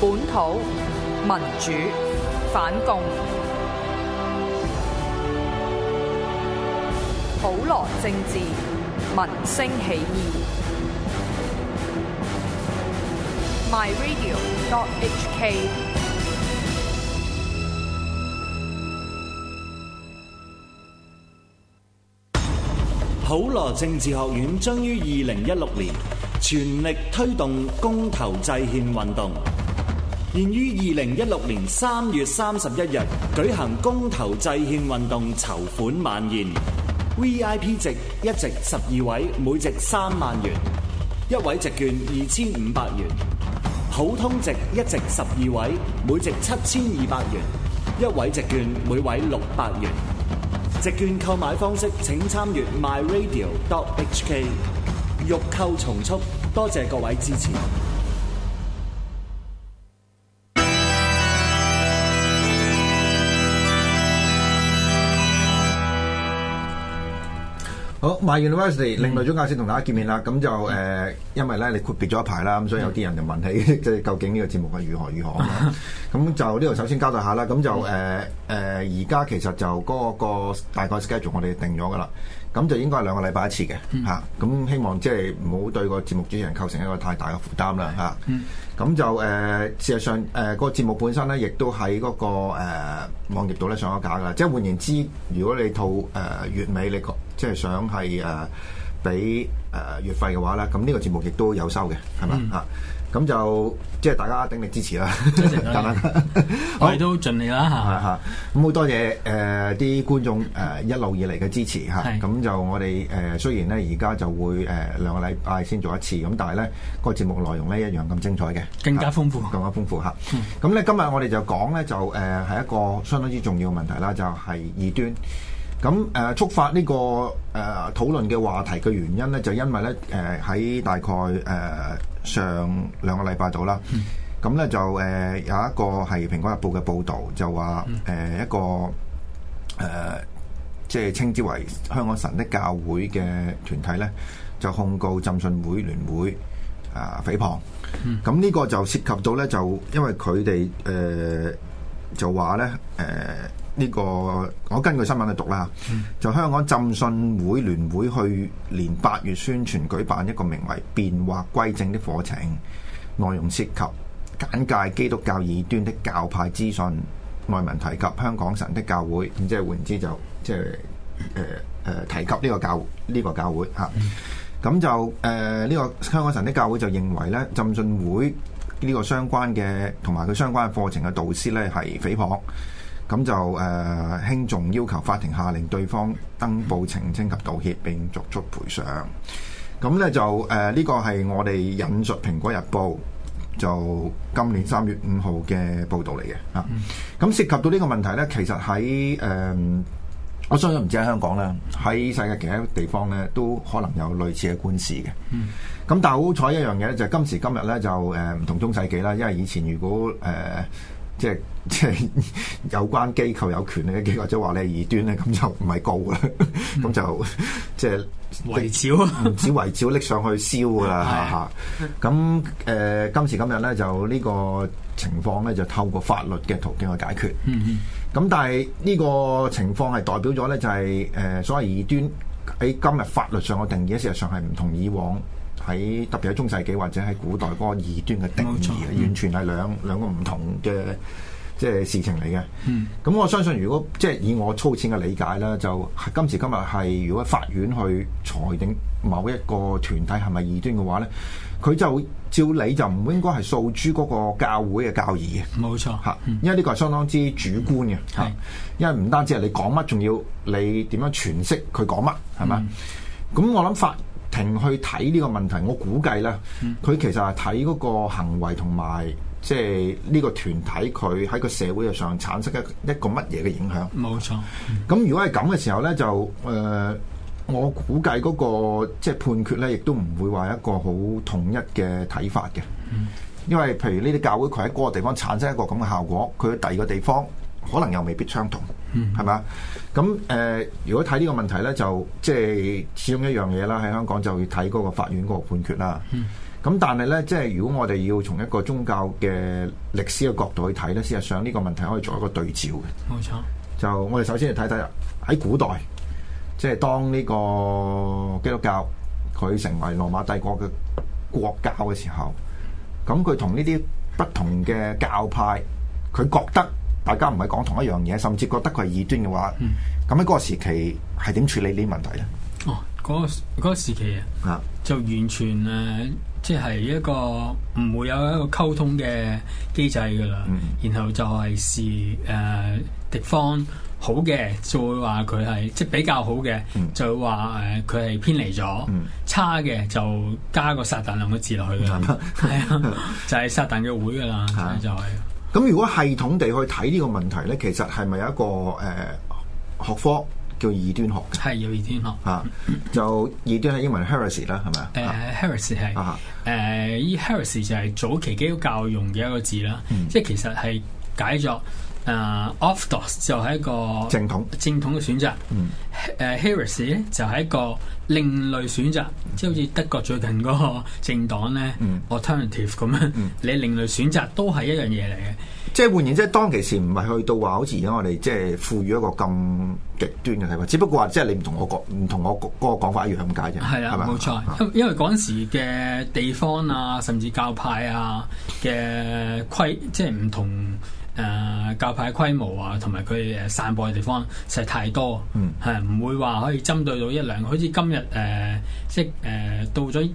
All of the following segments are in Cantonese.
本土民主反共，普羅政治民聲起義。MyRadio.HK。普羅政治學院將於二零一六年全力推動公投制憲運動。現於二零一六年三月三十一日舉行公投制憲運動籌款晚宴 VIP 席一席十二位，每席三萬元；一位席券二千五百元；普通席一席十二位，每席七千二百元；一位席券每位六百元。席券購買方式，請參閱 myradio.hk。欲購從速，多謝各位支持。好，My University 另類宗教史同大家見面啦。咁就誒、呃，因為咧你闊別咗一排啦，咁所以有啲人就問起，即係 究竟呢個節目係如何如何啊？咁 就呢度首先交代下啦。咁就誒誒，而家、 呃呃、其實就嗰、那個那個大概 schedule 我哋定咗噶啦。咁就應該係兩個禮拜一次嘅嚇。咁、 啊、希望即係唔好對個節目主持人構成一個太大嘅負擔啦嚇。咁、啊、就誒、呃，事實上誒、呃那個節目本身咧，亦都喺嗰、那個誒、呃、網頁度咧上咗架噶啦。即係換言之，如果你套誒、呃、月尾你即係想係誒俾誒月費嘅話咧，咁呢個節目亦都有收嘅，係嘛嚇？咁、嗯啊、就即係大家鼎力支持啦，謝 我哋都盡力啦嚇。咁好多謝誒啲、呃、觀眾誒、呃、一路以嚟嘅支持嚇。咁是就我哋誒、呃、雖然咧而家就會誒、呃、兩個禮拜先做一次，咁但係咧個節目內容咧一樣咁精彩嘅、啊，更加豐富，更加豐富嚇。咁咧、嗯嗯、今日我哋就講咧、嗯嗯嗯嗯、就誒係、嗯、一個相當之重要嘅問題啦，就係、是、異端。咁誒觸發呢個誒討論嘅話題嘅原因咧，就因為咧誒喺大概誒上兩個禮拜度啦，咁咧就誒有一個係《蘋果日報》嘅報導，就話誒一個誒即係稱之為香港神的教會嘅團體咧，就控告浸信會聯會啊誹謗。咁呢個就涉及到咧，就因為佢哋誒就話咧誒。呢、這個我根據新聞去讀啦，嗯、就香港浸信會聯會去年八月宣傳舉辦一個名為《變化歸正》的課程，內容涉及簡介基督教異端的教派資訊，內文提及香港神的教會，即係換言之就即係誒誒提及呢個教呢、這個教會啊。咁、嗯、就誒呢、呃這個香港神的教會就認為呢浸信會呢個相關嘅同埋佢相關嘅課程嘅導師呢係誹謗。咁就誒、呃、鄭重要求法庭下令對方登報澄清及道歉，並作出賠償。咁咧就誒呢、呃這個係我哋引述《蘋果日報》就今年三月五號嘅報道嚟嘅啊。咁涉及到呢個問題呢，其實喺誒、呃、我相信唔止喺香港啦，喺世界其他地方呢，都可能有類似嘅官司嘅。咁但係好彩一樣嘢呢，就是、今時今日呢，就誒唔、呃、同中世紀啦，因為以前如果誒。呃即係即係有關機構，有權力嘅機構，或者話你係異端咧，咁就唔係高啦，咁、嗯、 就即係圍剿，唔朝止圍剿，拎 上去燒噶啦，咁誒、 呃、今時今日咧就呢個情況咧就透過法律嘅途徑去解決，咁、嗯、哼但係呢個情況係代表咗咧就係、是、誒、呃、所謂異端喺今日法律上嘅定義，事實上係唔同以往。喺特別喺中世紀或者喺古代嗰個異端嘅定義，冇錯，完全係兩、嗯、兩個唔同嘅即係事情嚟嘅。咁、嗯、我相信，如果即係以我粗淺嘅理解啦，就今時今日係如果法院去裁定某一個團體係咪異端嘅話咧，佢就照理就唔應該係訴諸嗰個教會嘅教義嘅。冇錯，嚇，嗯、因為呢個係相當之主觀嘅嚇。嗯嗯、因為唔單止係你講乜，仲要你點樣詮釋佢講乜，係嘛？咁我諗法。停去睇呢個問題，我估計呢，佢、嗯、其實係睇嗰個行為同埋，即係呢個團體佢喺個社會上產生一個一個乜嘢嘅影響，冇錯。咁、嗯、如果係咁嘅時候呢，就誒、呃、我估計嗰、嗰個即係、即係、判決呢，亦都唔會話一個好統一嘅睇法嘅，嗯、因為譬如呢啲教會佢喺嗰個地方產生一個咁嘅效果，佢喺第二個地方。可能又未必相同，係嘛、嗯？咁誒、呃，如果睇呢個問題呢，就即係始終一樣嘢啦。喺香港就要睇嗰個法院嗰個判決啦。咁、嗯、但係呢，即係如果我哋要從一個宗教嘅歷史嘅角度去睇呢，事實上呢個問題可以做一個對照嘅。冇錯，就我哋首先嚟睇睇啊。喺古代，即係當呢個基督教佢成為羅馬帝國嘅國教嘅時候，咁佢同呢啲不同嘅教派，佢覺得。大家唔係講同一樣嘢，甚至覺得佢係異端嘅話，咁喺嗰個時期係點處理呢啲問題咧？哦，嗰、嗰個嗰、嗰個、時期啊，啊就完全誒，即、呃、係、就是、一個唔會有一個溝通嘅機制噶啦。嗯、然後就係是誒敵方好嘅，就會話佢係即係比較好嘅，就會話誒佢係偏離咗。嗯、差嘅就加個撒旦兩個字落去嘅，係啊，就係撒旦嘅會噶啦，就係。咁如果系統地去睇呢個問題咧，其實係咪有一個誒、呃、學科叫異端學嘅？係有異端學嚇、啊，就異端係英文 heresy 啦，係咪啊？誒 heresy 係，誒、huh. 依、uh, heresy 就係早期基督教用嘅一個字啦，嗯、即係其實係解作。誒、uh,off dose 就係一個正統正統嘅選擇。誒 uh,、嗯 heresy 咧就係一個另類選擇，即係、嗯、好似德國最近嗰個政黨咧、嗯、alternative 咁樣，嗯、你另類選擇都係一樣嘢嚟嘅。即係換言之，當其時唔係去到話好似而家我哋即係賦予一個咁極端嘅睇法，只不過話即係你唔同我講唔同我嗰個講法一樣咁解啫。係啊、嗯，係咪？冇錯。因為嗰陣時嘅地方啊，甚至教派啊嘅規，即係唔同。誒、啊、教派規模啊，同埋佢誒散播嘅地方實在太多，係唔、嗯、會話可以針對到一兩個，好似今日誒、呃，即係誒、呃、到咗。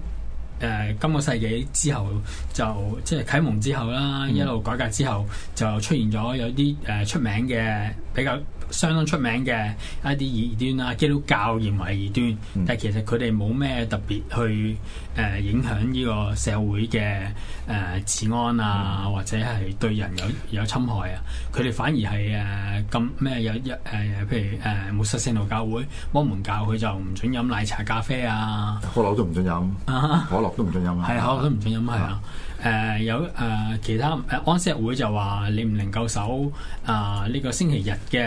誒、呃、今個世紀之後就即係啟蒙之後啦，嗯、一路改革之後就出現咗有啲誒、呃、出名嘅比較相當出名嘅一啲異端啦、啊，基督教認為異端，嗯、但係其實佢哋冇咩特別去誒、呃、影響呢個社會嘅誒治安啊，嗯、或者係對人有有侵害啊，佢哋反而係誒咁咩有一誒、呃、譬如誒末世聖徒教會、摩門教佢就唔准飲奶茶、咖啡啊，可樂都唔准飲可樂。啊啊啊啊啊啊啊都唔準飲啊！係啊，都唔準飲係啊。誒有誒、呃、其他安息日會就話你唔能夠守啊呢、這個星期日嘅誒、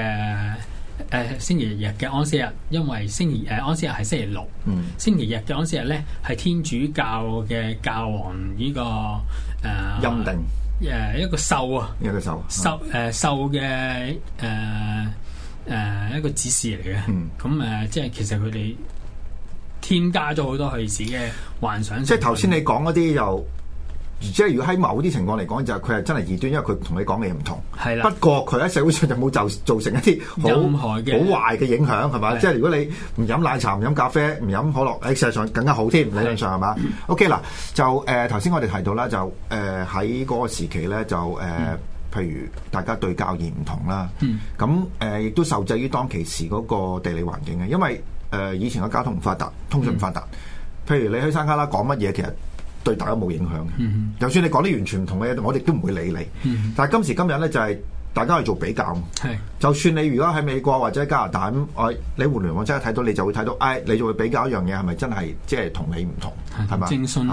呃、星期日嘅安息日，因為星期誒安息日係星期六。星期日嘅安息日咧係天主教嘅教皇呢、這個誒。陰、呃、定。誒一個修啊。一個修。修誒修嘅誒誒一個指示嚟嘅。咁誒即係其實佢哋。嗯添加咗好多去自嘅幻想，即，即係頭先你講嗰啲又，即係如果喺某啲情況嚟講，就佢、是、係真係異端，因為佢同你講嘅嘢唔同。係啦的，不過佢喺社會上有有就冇就造成一啲好害嘅好壞嘅影響，係嘛？是的 即係如果你唔飲奶茶、唔飲咖啡、唔飲可樂，喺世界上更加好添。理論上係嘛？O K 嗱，就誒頭先我哋提到啦，就誒喺嗰個時期咧，就誒、呃、譬如大家對教義唔同啦，咁誒亦都受制於當其時嗰個地理環境嘅，因為。誒，以前嘅交通唔發達，通訊唔發達。譬如你去山卡拉講乜嘢，其實對大家冇影響嘅。就算你講啲完全唔同嘅嘢，我哋都唔會理你。但係今時今日咧，就係大家去做比較。係，就算你如果喺美國或者加拿大咁，你喺互聯網真係睇到，你就會睇到，哎，你就會比較一樣嘢係咪真係即係同你唔同，係咪？正信，所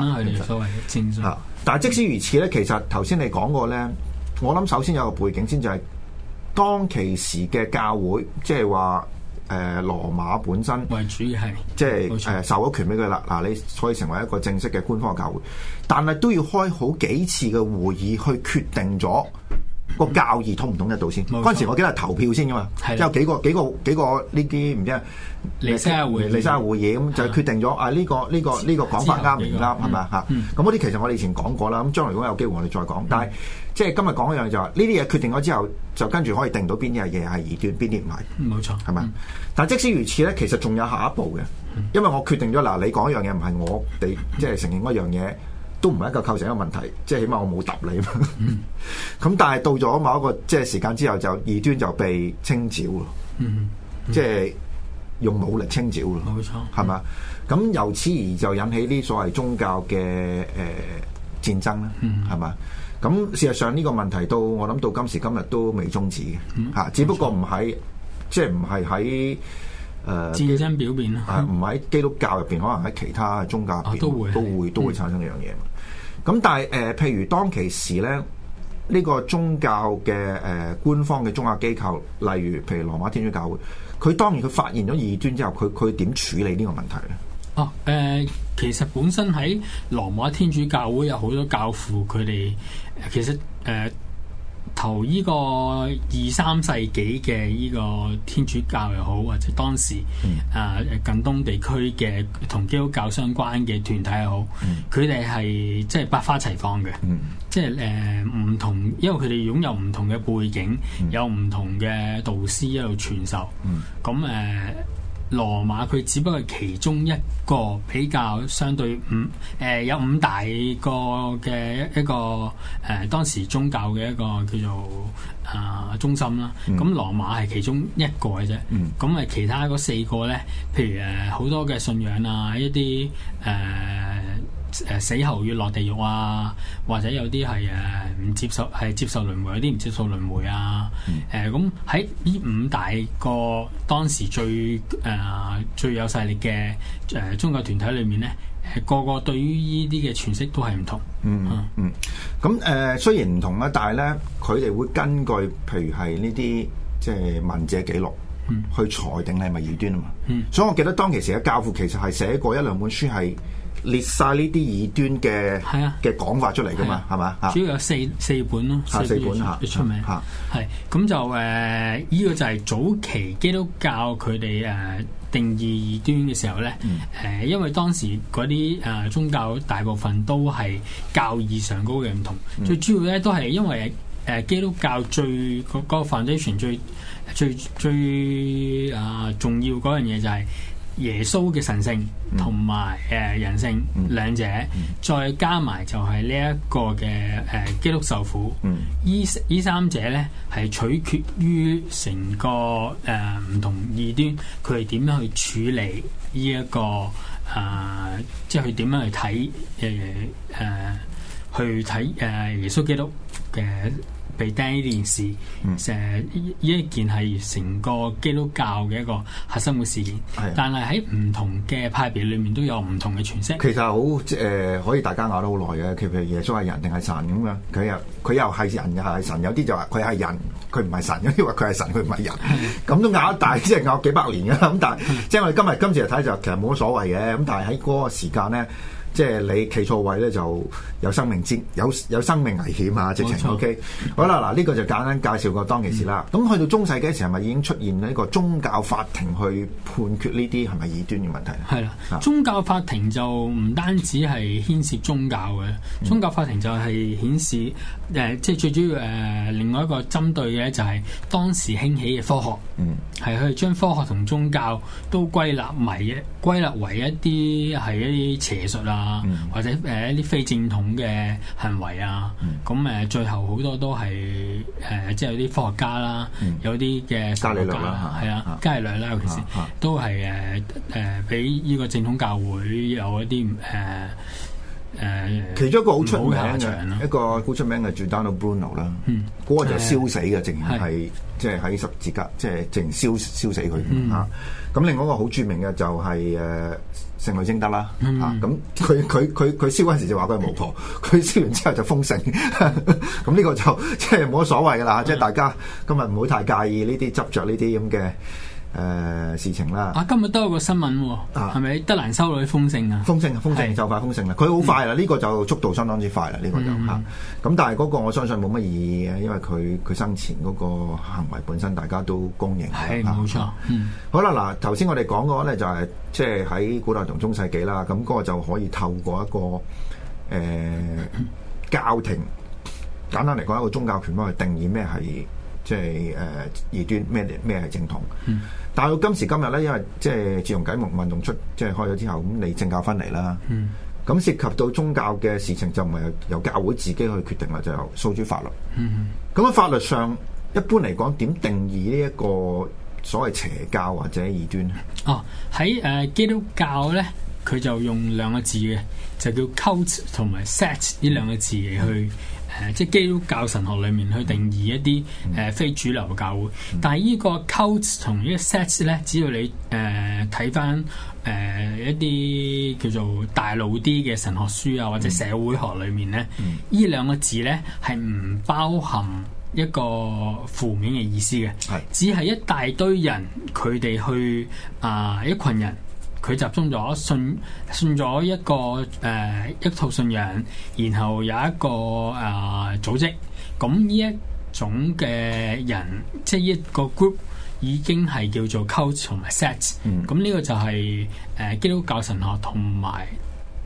謂嘅正信。但係即使如此咧，其實頭先你講過咧，我諗首先有個背景先就係當其時嘅教會，即係話。誒羅馬本身為主嘅係，即係誒授咗權俾佢啦。嗱，你可以成為一個正式嘅官方嘅教會，但係都要開好幾次嘅會議去決定咗個教義通唔通得到先。嗰陣時我記得係投票先噶嘛，即係有幾個幾個幾個呢啲唔知啊，尼西亞會議，尼西亞會議，咁就係決定咗啊呢個呢個呢個講法，啱唔啱，係咪啊嚇？咁嗰啲其實我哋以前講過啦，咁將來如果有機會我哋再講，但係。即係今日講一樣就話呢啲嘢決定咗之後，就跟住可以定到邊啲係嘢係異端，邊啲唔係。冇錯，係嘛？但即使如此咧，其實仲有下一步嘅，因為我決定咗嗱，你講一樣嘢唔係我哋即係承認嗰樣嘢，都唔係一個構成一個問題。即係起碼我冇答你嘛。咁、嗯、 但係到咗某一個即係時間之後，就異端就被清剿咯。即係、嗯嗯、用武力清剿咯。冇錯、嗯，係、嗯、嘛？咁由此而就引起啲所謂宗教嘅誒、呃、戰爭啦。嗯，係嘛、嗯？嗯咁事實上呢個問題到我諗到今時今日都未終止嘅，嚇、嗯，只不過唔喺錯即係唔係喺誒自身表面，唔喺、呃、基督教入邊，可能喺其他宗教入邊、啊、都會都會是都會產生呢樣嘢。咁、嗯、但係誒、呃，譬如當其時咧，呢、呢個宗教嘅誒、呃、官方嘅宗教機構，例如譬如羅馬天主教會，佢當然佢發現咗異端之後，佢佢點處理呢個問題咧？哦，誒、呃，其實本身喺羅馬天主教會有好多教父，佢哋其實誒、呃，頭呢個二三世紀嘅呢個天主教又好，或者當時啊、呃、近東地區嘅同基督教相關嘅團體又好，佢哋係即係百花齊放嘅，嗯、即係誒唔同，因為佢哋擁有唔同嘅背景，嗯、有唔同嘅導師喺度傳授，咁誒、嗯。嗯嗯呃羅馬佢只不過係其中一個比較相對五誒、呃、有五大個嘅一一個誒、呃、當時宗教嘅一個叫做啊、呃、中心啦，咁羅馬係其中一個嘅啫，咁啊其他嗰四個咧，譬如誒好、呃、多嘅信仰啊，一啲誒。呃誒死後要落地獄啊，或者有啲係誒唔接受，係接受輪迴，有啲唔接受輪迴啊。誒咁喺呢五大個當時最誒、呃、最有勢力嘅誒、呃、宗教團體裏面咧，誒個個對於呢啲嘅詮釋都係唔同。嗯嗯，咁誒雖然唔同啦，但係咧佢哋會根據譬如係呢啲即係文字記錄，嗯，去裁定係咪異端啊嘛。所以我記得當其時嘅教父其實係寫過一兩本書係。列晒呢啲異端嘅嘅講法出嚟㗎嘛，係嘛、啊？吧主要有四四本咯，四本嚇，最出名嚇。係咁、啊、就誒，依、呃這個就係早期基督教佢哋誒定義異端嘅時候咧。誒、呃，因為當時嗰啲誒宗教大部分都係教義上高嘅唔同，最主要咧都係因為誒、呃、基督教最嗰、那個 foundation 最最最誒、啊、重要嗰樣嘢就係、是。耶穌嘅神性同埋誒人性，嗯、兩者，嗯、再加埋就係呢一個嘅誒、呃、基督受苦，依依、嗯、三者咧係取決於成個誒唔、呃、同異端，佢係點樣去處理呢、這、一個啊、呃，即係佢點樣去睇誒誒去睇誒、呃、耶穌基督嘅。被釘呢件事，成、呃、呢、嗯、一件係成個基督教嘅一個核心嘅事件。的但係喺唔同嘅派別裏面都有唔同嘅詮釋。其實好誒、呃，可以大家咬得好耐嘅，譬如耶穌係人定係神咁樣？佢又佢又係人又係神，有啲就話佢係人，佢唔係神；有啲話佢係神，佢唔係人。咁的、嗯、都咬一大，即係咬幾百年嘅。咁但係即係我哋今日今次嚟睇就，其實冇乜所謂嘅。咁但係喺嗰個時間咧。即係你企錯位咧，就有生命之有有生命危險啊！直情 O K，好啦，嗱、這、呢個就簡單介紹過當其時啦。咁、嗯、去到中世紀嘅時候，係咪已經出現呢個宗教法庭去判決呢啲係咪異端嘅問題？係啦、嗯，宗教法庭就唔單止係牽涉宗教嘅，嗯、宗教法庭就係顯示誒、呃、即係最主要誒、呃、另外一個針對嘅咧就係當時興起嘅科學，嗯，係去將科學同宗教都歸納埋嘅，歸納為一啲係一啲邪術啊。啊，嗯、或者誒一啲非正統嘅行為啊，咁誒、嗯、最後好多都係誒、呃，即係有啲科學家啦，嗯、有啲嘅伽利略啦，係啊，伽利略啦，尤其是、啊啊、都係誒誒，俾、呃、呢個正統教會有一啲誒。呃誒，其中一個好出名嘅一個好出名嘅，嗯，就 Giordano Bruno 啦，嗰個就燒死嘅，淨係即係喺十字架，即係淨燒燒死佢吓。咁，嗯啊、另外一個好著名嘅就係誒聖女貞德啦，吓，咁佢佢佢佢燒嗰陣時就話佢係巫婆，佢燒，嗯、完之後就封聖，咁呢，嗯、 個就即係冇乜所謂噶啦，即係，嗯、大家今日唔好太介意呢啲執着呢啲咁嘅。誒、呃、事情啦！啊，今日都有個新聞喎，係咪德蘭修女封聖啊？啊是是封聖、啊，封聖是就快封聖啦！佢好快啦，呢、嗯、個就速度相當之快啦，呢、這個就嚇。咁、嗯啊、但係嗰個我相信冇乜意義嘅，因為佢佢生前嗰個行為本身大家都公認嘅。係是，冇、啊、錯、嗯啊。好啦，嗱，頭先我哋講過咧，就係即係喺古代同中世紀啦，咁、那、嗰個就可以透過一個誒、呃、教廷，簡單嚟講，一個宗教權威去定義咩係即係誒異端，咩咩係正統。但到今時今日咧，因為即係自從啟蒙運動出即係開咗之後，咁你政教翻嚟啦，咁、嗯、涉及到宗教嘅事情就唔係由教會自己去決定啦，就由訴諸法律。咁喺、嗯嗯、法律上一般嚟講，點定義呢一個所謂邪教或者異端？哦，喺誒基督教咧，佢就用兩個字嘅，就叫 cult 同埋 sect 呢兩個字嚟、嗯嗯、去。誒即係基督教神學裏面去定義一啲誒、嗯呃、非主流嘅教會，嗯、但係呢個 cult 同呢個 sects 咧，只要你誒睇翻誒一啲叫做大腦啲嘅神學書啊，或者社會學裏面咧，呢兩、嗯嗯、個字咧係唔包含一個負面嘅意思嘅，係是只係一大堆人佢哋去啊、呃，一群人。佢集中咗信信咗一個誒、呃、一套信仰，然後有一個誒、呃、組織，咁呢一種嘅人，即係一個 group，已經係叫做 cult 同埋 sects、嗯、咁呢個就係、是、誒、呃、基督教神學同埋。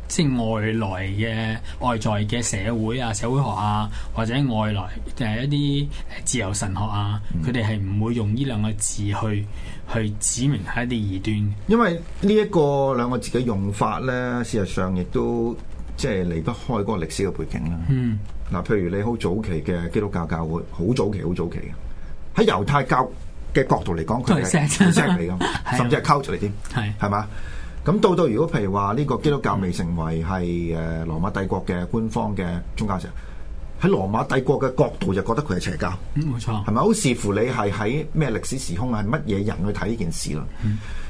即係外來嘅外在嘅社會啊，社會學啊，或者外來嘅一啲自由神學啊，佢哋係唔會用呢兩個字去去指明一啲異端。因為呢一個兩個字嘅用法咧，事實上亦都即係離不開嗰個歷史嘅背景啦、啊。嗯，嗱，譬如你好早期嘅基督教教會，好早期好早期嘅，喺猶太教嘅角度嚟講，佢係 sect 嚟噶，甚至係 cut 出嚟添，係係嘛？嗎的咁到到，如果譬如話呢個基督教未成為係誒羅馬帝國嘅官方嘅宗教者，喺羅馬帝國嘅角度就覺得佢係邪教，冇錯、嗯，係咪？好視乎你係喺咩歷史時空啊，係乜嘢人去睇呢件事咯。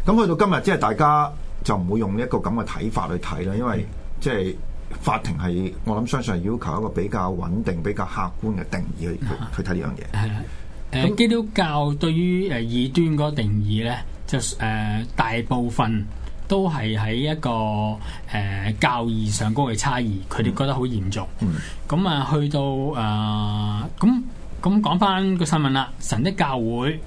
咁去、嗯、到今日，即係大家就唔會用呢一個咁嘅睇法去睇啦，因為即係法庭係我諗，相信係要求一個比較穩定、比較客觀嘅定義去、嗯、去睇呢樣嘢。誒，基督教對於誒異端嗰個定義咧，就誒、呃、大部分。都係喺一個誒、呃、教義上高嘅差異，佢哋覺得好嚴重。咁啊、嗯，嗯嗯、去到誒，咁咁講翻個新聞啦，神的教會。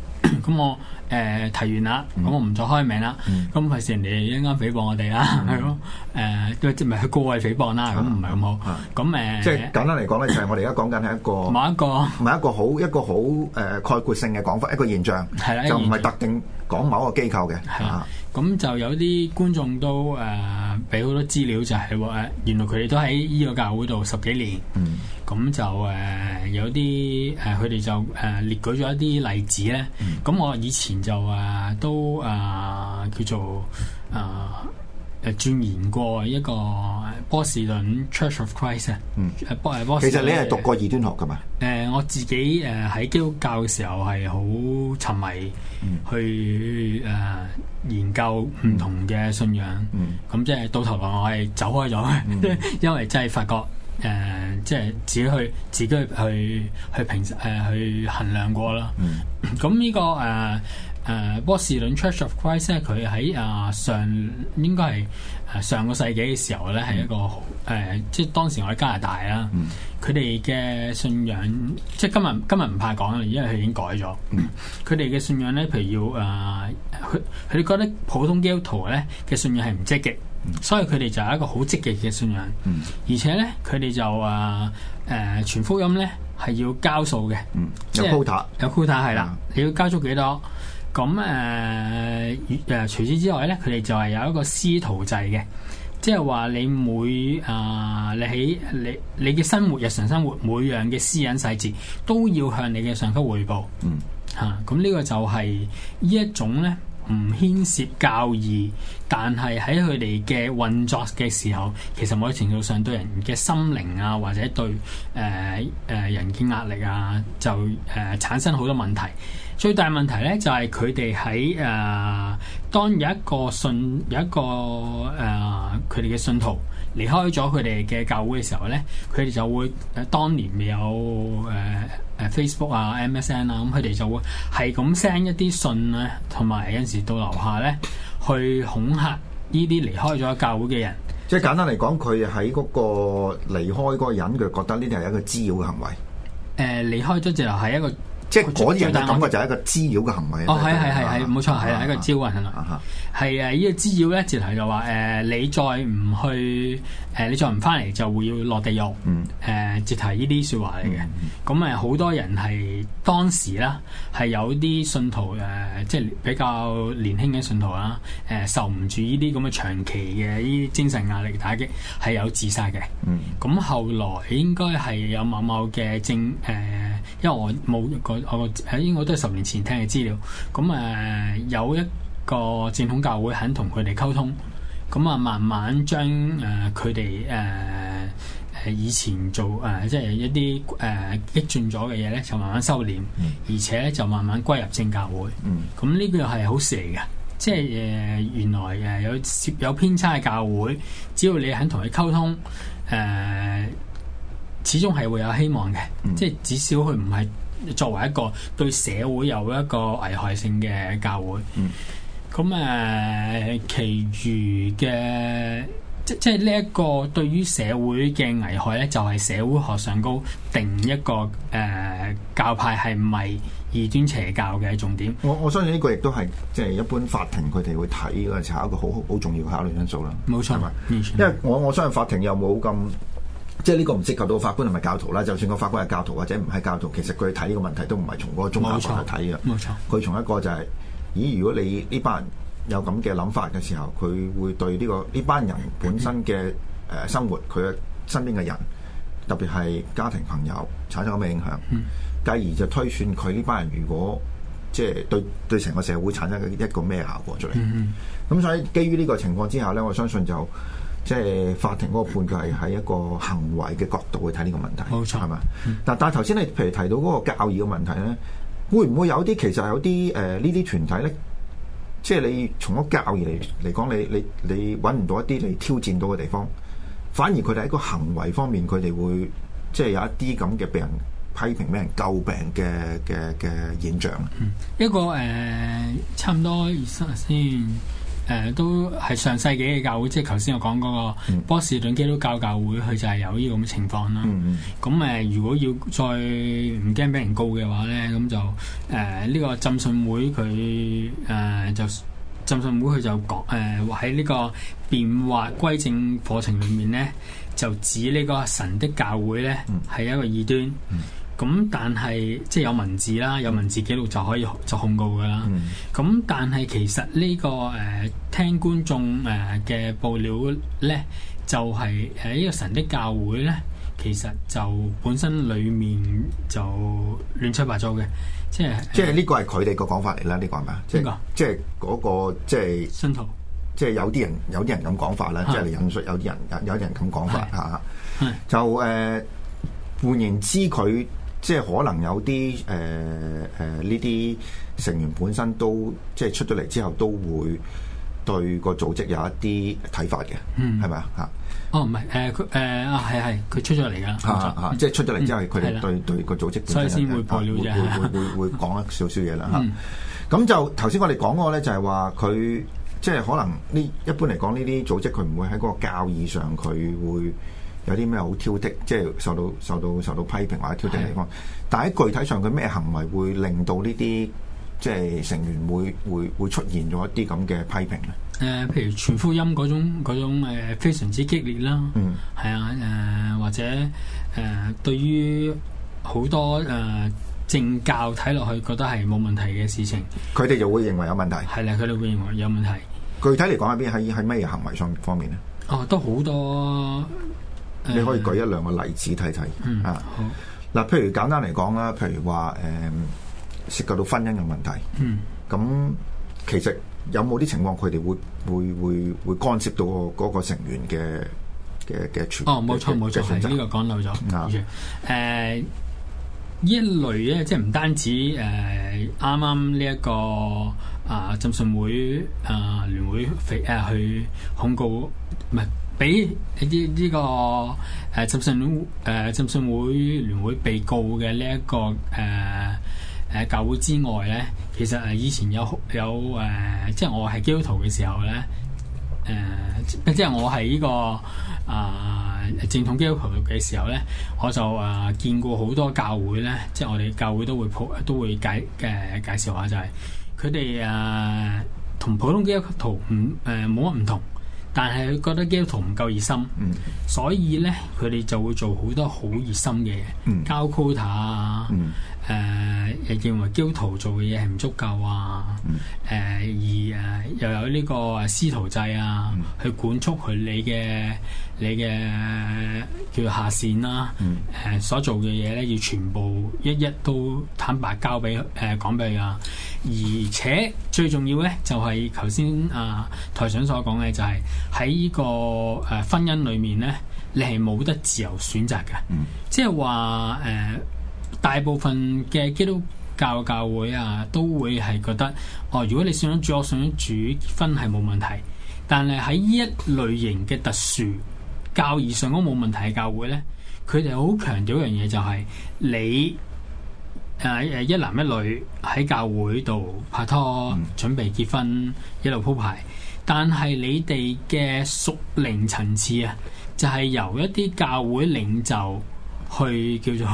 咁我誒提完啦，咁我唔再開名啦。咁費事人哋一間詆譭我哋啦，係咯誒，即係即係唔係個位詆譭啦？咁唔係咁好。咁誒，即係簡單嚟講咧，就係我哋而家講緊係一個某一個，某一個好一個好誒概括性嘅講法，一個現象，就唔係特定講某一個機構嘅。係啦，咁就有啲觀眾都誒俾好多資料，就係話原來佢哋都喺依個教會度十幾年。咁就誒、呃、有啲誒佢哋就誒、呃、列舉咗一啲例子咧。咁、嗯嗯、我以前就啊都啊叫做啊誒轉研鑽研過一個波士頓 Church of Christ、嗯、啊。嗯，波誒其實你係讀過異端學㗎嘛？誒我自己誒喺基督教嘅時候係好沉迷去誒研究唔同嘅信仰。咁即係到頭來我係走開咗， 因為真係發覺。誒、啊，即係自己去，自己去去去評、啊、去衡量過啦。咁呢、嗯嗯呢個誒誒、啊，波士頓 Church of Christ 咧，佢喺啊上應該係上個世紀嘅時候咧，係一個誒、嗯嗯，即係當時我喺加拿大啦。佢哋嘅信仰，即係今日今日唔怕講啦，因為佢已經改咗。佢哋嘅信仰咧，譬如要誒，佢、啊、佢覺得普通基督徒咧嘅信仰係唔積極。所以佢哋就有一個好積極嘅信仰，嗯、而且咧佢哋就啊誒傳福音咧係要交數嘅，嗯、即係有 quota、嗯、有 quota 係啦，嗯、你要交足幾多？咁誒誒，除此之外咧，佢哋就係有一個司徒制嘅，即係話你每啊、呃、你喺你你嘅生活日常生活每樣嘅私隱細節都要向你嘅上級匯報。吓、嗯，咁呢個、啊、就係呢一種咧。唔牽涉教義，但係喺佢哋嘅運作嘅時候，其實某程度上對人嘅心靈啊，或者對誒誒、呃呃、人嘅壓力啊，就誒、呃、產生好多問題。最大問題咧就係佢哋喺誒當有一個信有一個誒佢哋嘅信徒，離開咗佢哋嘅教會嘅時候咧，佢哋就會誒當年未有誒誒、呃啊、Facebook 啊、MSN 啊，咁佢哋就會係咁 send 一啲信咧，同埋有陣時到樓下咧去恐嚇呢啲離開咗教會嘅人。即係簡單嚟講，佢喺嗰個離開嗰個人，佢覺得呢啲係一個滋擾嘅行為。誒、呃，離開咗之後係一個。即係主要感覺就係一個滋擾嘅行為。哦、oh，係係係係，冇錯，係啊，喺勝分個招人啊，係啊、uh，呢、huh. 這個滋擾咧，直頭就話、是、誒、呃，你再唔去誒、呃，你再唔翻嚟，就會要落地獄。嗯，直頭呢啲説話嚟嘅。咁誒，好多人係當時啦，係有啲信徒誒、呃，即係比較年輕嘅信徒啊，誒、呃，受唔住呢啲咁嘅長期嘅呢啲精神壓力打擊，係有自殺嘅。咁、mm. 後來應該係有某某嘅政誒。因為我冇個我喺，我應該都係十年前聽嘅資料。咁、嗯、誒、呃、有一個正統教會肯同佢哋溝通，咁、嗯、啊慢慢將誒佢哋誒誒以前做誒、呃、即係一啲誒、呃、激進咗嘅嘢咧，就慢慢收斂，嗯、而且就慢慢歸入正教會。咁呢個又係好事嘅，即係誒、呃、原來誒有涉有，有偏差嘅教會，只要你肯同佢溝通誒。呃始終係會有希望嘅，嗯、即係至少佢唔係作為一個對社會有一個危害性嘅教會。咁誒、嗯呃，其餘嘅即即係呢一個對於社會嘅危害咧，就係、是、社會學上高定一個誒、呃、教派係唔係異端邪教嘅重點。我、嗯、我相信呢個亦都係即係一般法庭佢哋會睇嘅，就係一個好好重要嘅考慮因素啦。冇錯，係吧？冇錯，因為我我相信法庭又冇咁。即係呢個唔涉及到法官係咪教徒啦？就算個法官係教徒或者唔係教徒，其實佢睇呢個問題都唔係從嗰個宗教角度睇嘅。冇錯，佢從一個就係、是：咦，如果你呢班人有咁嘅諗法嘅時候，佢會對呢、這個呢班人本身嘅誒、呃、生活，佢嘅身邊嘅人，特別係家庭朋友產生咁嘅影響？嗯，繼而就推算佢呢班人如果即係對對成個社會產生一個咩效果出嚟？嗯咁、嗯、所以基於呢個情況之下呢，我相信就。即係法庭嗰個判決係喺一個行為嘅角度去睇呢個問題，冇錯，係嘛？嗱，但係頭先你譬如提到嗰個教義嘅問題咧，會唔會有啲其實有啲誒呢啲團體咧，即係你從嗰教義嚟嚟講，你你你揾唔到一啲你挑戰到嘅地方，反而佢哋喺個行為方面，佢哋會即係有一啲咁嘅被人批評、被人詬病嘅嘅嘅現象。嗯、一個誒、呃，差唔多二十先。誒、呃、都係上世紀嘅教會，即係頭先我講嗰個波士頓基督教教會，佢、嗯、就係有呢個咁嘅情況啦。咁誒、嗯嗯呃，如果要再唔驚俾人告嘅話咧，咁就誒呢、呃呢個浸信會佢誒、呃、就浸信會佢就講誒喺呢個變化歸正課程裏面咧，就指呢個神的教會咧係、嗯、一個異端。嗯嗯咁但係即係有文字啦，有文字記錄就可以就控告噶啦。咁、嗯、但係其實呢、這個誒、呃、聽觀眾誒嘅、呃、報料咧，就係喺呢個神的教會咧，其實就本身裡面就亂七八糟嘅，即係即係呢個係佢哋個講法嚟啦。呢個係咪啊？邊個？即係、那、嗰個即係信徒。即係有啲人有啲人咁講法啦，即係嚟引述有啲人有啲人咁講法嚇。就誒、呃、換言之，佢。即係可能有啲誒誒呢啲成員本身都即係、就是、出咗嚟之後都會對個組織有一啲睇法嘅，嗯，係咪、哦呃呃、啊？嚇！哦，唔係誒佢誒啊，係係佢出咗嚟㗎，冇錯啊！即係出咗嚟之後，佢哋、嗯、對對，對個組織，本身先會爆料，會會會講一少少嘢啦嚇。咁、哦嗯、就頭先我哋講嗰個咧，就係話佢即係可能呢一般嚟講呢啲組織，佢唔會喺個教義上佢會。有啲咩好挑剔，即係受到受到受到批評或者挑剔嘅地方，是的 但喺具體上佢咩行為會令到呢啲即係成員會會會出現咗一啲咁嘅批評咧？誒、呃，譬如傳福音嗰種嗰種非常之激烈啦。嗯，係、呃、啊，誒或者誒、呃、對於好多誒正、呃、教睇落去覺得係冇問題嘅事情，佢哋就會認為有問題。係啦，佢哋會認為有問題。具體嚟講喺邊？喺係咩行為上方面咧？哦、啊，都好多。你可以舉一兩個例子睇睇、嗯、啊！嗱，譬如簡單嚟講啦，譬如話誒、嗯，涉及到婚姻嘅問題。嗯，咁其實有冇啲情況佢哋會會會會干涉到嗰個成員嘅嘅嘅哦，冇錯冇錯，呢、呢個講漏咗。冇呢、嗯啊、一類咧，即係唔單止誒啱啱呢一個啊浸信會啊聯會肥、啊、去控告唔係。啊啊啊俾呢啲呢個誒浸信會誒浸信會聯會被告嘅呢一個誒誒、呃、教會之外咧，其實誒以前有有誒、呃，即係我係基督徒嘅時候咧，誒、呃、即係我係呢、這個啊、呃、正統基督徒嘅時候咧，我就啊、呃、見過好多教會咧，即係我哋教會都會普都會、呃、介誒介紹下、就是，就係佢哋誒同普通基督徒唔誒冇乜唔同。但係佢覺得 g i l t o 唔夠熱心，嗯、所以咧佢哋就會做好多好熱心嘅教 c u t t a r 啊，誒、嗯呃、認為 g i l t o 做嘅嘢係唔足夠啊，誒、嗯呃、而誒又有呢個司徒制啊，嗯、去管束佢你嘅。你嘅叫下線啦、啊，誒、嗯、所做嘅嘢咧，要全部一一都坦白交俾誒、呃、講俾佢啊。而且最重要咧、啊，就係頭先啊台長所講嘅，就係喺呢個誒婚姻裏面咧，你係冇得自由選擇嘅，即係話誒大部分嘅基督教教會啊，都會係覺得哦，如果你想主，我想主婚係冇問題，但係喺呢一類型嘅特殊。教義上都冇問題嘅教會咧，佢哋好強調一樣嘢就係你誒誒、呃、一男一女喺教會度拍拖，準備結婚一路鋪排，但係你哋嘅屬靈層次啊，就係、是、由一啲教會領袖去叫做誒、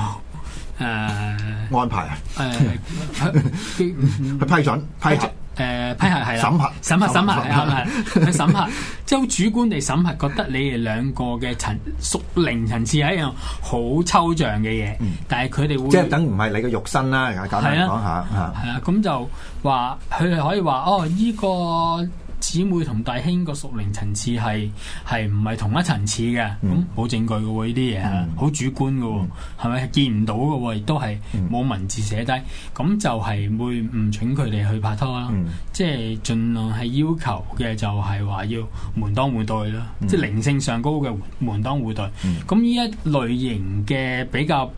呃、安排啊，誒去批准、批准、批准誒，批核係啦，審核審核審核係咪？去審核，即係好主觀地審核，覺得你哋兩個嘅層屬靈層次係一樣好抽象嘅嘢，嗯、但係佢哋會即係等唔係你嘅肉身啦，簡單，講下吓，係啦的，咁的就話佢哋可以話哦，呢、這個。姊妹同弟兄個屬靈層次係係唔係同一層次嘅，咁冇、嗯、證據嘅喎呢啲嘢，好、嗯、主觀嘅喎、呃，係咪、嗯、見唔到嘅喎、呃，亦都係冇文字寫低，咁就係會唔准佢哋去拍拖啦，嗯、即係盡量係要求嘅就係話要門當戶對啦，即係靈性上高嘅門當戶對，咁呢、嗯嗯、一類型嘅比較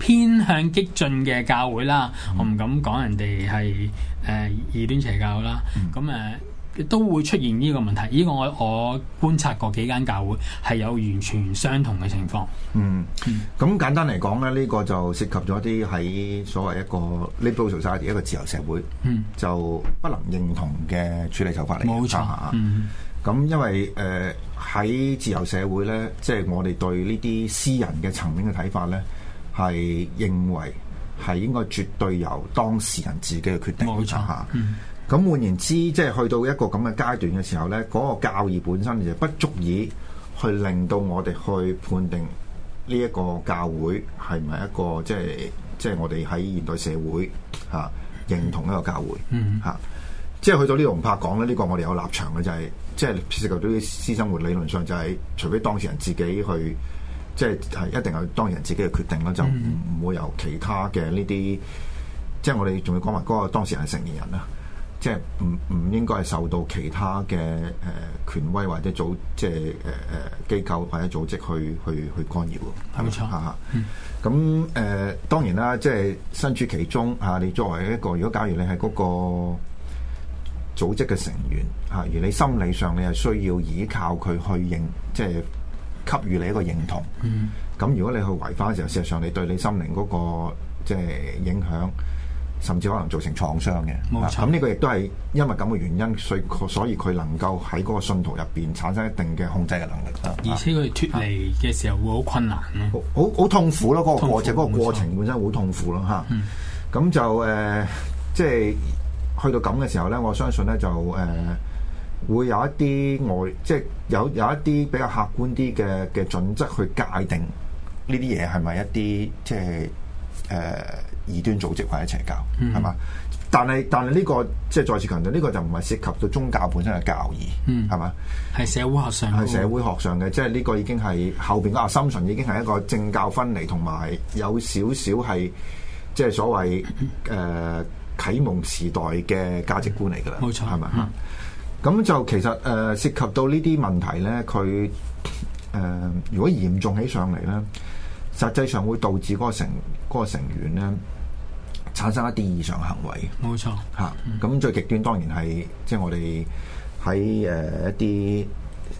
偏向激進嘅教會啦，我唔敢講人哋係誒異端邪教啦，咁誒。嗯都會出現呢個問題，呢個我我觀察過幾間教會係有完全相同嘅情況。嗯，咁、嗯、簡單嚟講咧，呢、呢個就涉及咗啲喺所謂一個 liberal society 一個自由社會，嗯、就不能認同嘅處理手法嚟。冇錯。咁下、嗯、因為誒喺、呃、自由社會咧，即係我哋對呢啲私人嘅層面嘅睇法咧，係認為係應該絕對由當事人自己嘅決定。冇錯。嗯咁換言之，即係去到一個咁嘅階段嘅時候咧，嗰、那個教義本身就不足以去令到我哋去判定呢一個教會係唔係一個即係即係我哋喺現代社會嚇、啊、認同一個教會嚇、啊。即係去到呢度，唔怕講咧，呢、這個我哋有立場嘅就係、是、即係涉及到啲私生活理論上就係、是、除非當事人自己去，即係係一定係當事人自己嘅決定啦，就唔唔會有其他嘅呢啲，即係我哋仲要講埋嗰個當事人係成年人啦。即係唔唔應該係受到其他嘅誒、呃、權威或者組即係誒誒機構或者組織去去去干擾，係咪？冇錯嚇。咁誒、啊呃、當然啦，即係身處其中嚇、啊，你作為一個，如果假如你係嗰個組織嘅成員嚇、啊，而你心理上你係需要依靠佢去認，即係給予你一個認同。咁、嗯、如果你去違反嘅時候，事實上你對你心靈嗰、那個即係影響。甚至可能造成創傷嘅，咁呢冇錯、啊、個亦都係因為咁嘅原因，所以所以佢能夠喺嗰個信徒入邊產生一定嘅控制嘅能力。而且佢脫離嘅時候會好困難、啊啊、好好痛苦咯、啊，嗰痛苦個過即係痛苦、嗰個過程本身好痛苦咯、啊、嚇。咁、嗯啊、就誒、呃，即係去到咁嘅時候咧，我相信咧就誒、呃、會有一啲外，即係有有一啲比較客觀啲嘅嘅準則去界定呢啲嘢係咪一啲即係。即誒，異端組織或者邪教，係嘛？但係但係呢、這個即係再次強調，呢、這個就唔係涉及到宗教本身嘅教義，係嘛？係社會學上，係社會學上嘅，即係呢個已經係後邊個，assumption 已經係一個政教分離同埋有少少係即係所謂誒、呃、啟蒙時代嘅價值觀嚟噶啦，冇錯，係嘛？咁就其實誒、呃、涉及到呢啲問題咧，佢誒、呃、如果嚴重來起上嚟咧。實際上會導致嗰個成嗰、那個、成員咧產生一啲異常行為。冇錯，嚇咁、啊、最極端當然係即係我哋喺誒一啲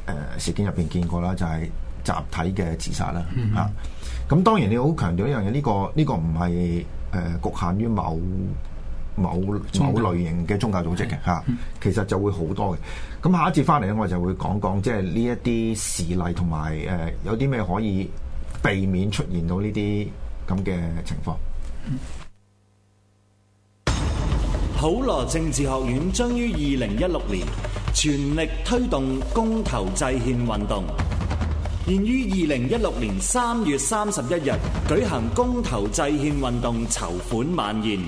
誒事件入邊見過啦，就係、是、集體嘅自殺啦，嚇、嗯哼。咁、啊、當然你好強調一樣嘢，呢、這個呢、這個唔係誒局限於某某某類型嘅宗教組織嘅嚇、啊，其實就會好多嘅。咁、嗯、哼下一節翻嚟咧，我哋就會講講即係呢一啲事例同埋誒有啲咩、呃、可以。避免出現到呢啲咁嘅情況。普羅政治學院將於二零一六年全力推動公投制憲運動，現於二零一六年三月三十一日舉行公投制憲運動籌款晚宴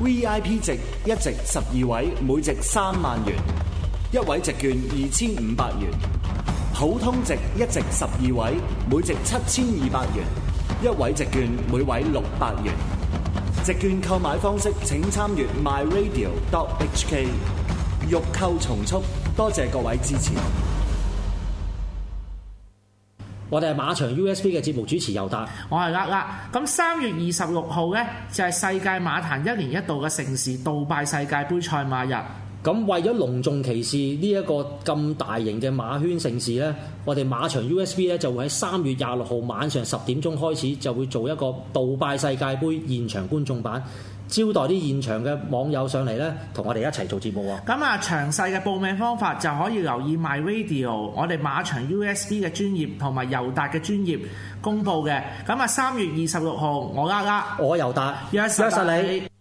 VIP 席一席十二位，每席三萬元，一位席券二千五百元。普通席一席十二位，每席七千二百元；一位席券每位六百元。席券購買方式，請參閱 myradio.hk。欲購從速，多謝各位支持。我哋係馬場 USB 嘅節目主持尤達，我係阿阿。咁三月二十六號呢，就係、是、世界馬壇一年一度嘅盛事杜拜世界杯賽馬日。咁為咗隆重其事呢，一個咁大型嘅馬圈盛事呢，我哋馬場 USB 咧，就會喺三月廿六號晚上十點鐘開始，就會做一個杜拜世界盃現場觀眾版，招待啲現場嘅網友上嚟，呢同我哋一齊做節目喎。咁啊，詳細嘅報名方法就可以留意 My Radio，我哋馬場 USB 嘅專業同埋尤達嘅專業公布嘅。咁啊，啊，三月二十六號，我呃呃，我尤達，約實你。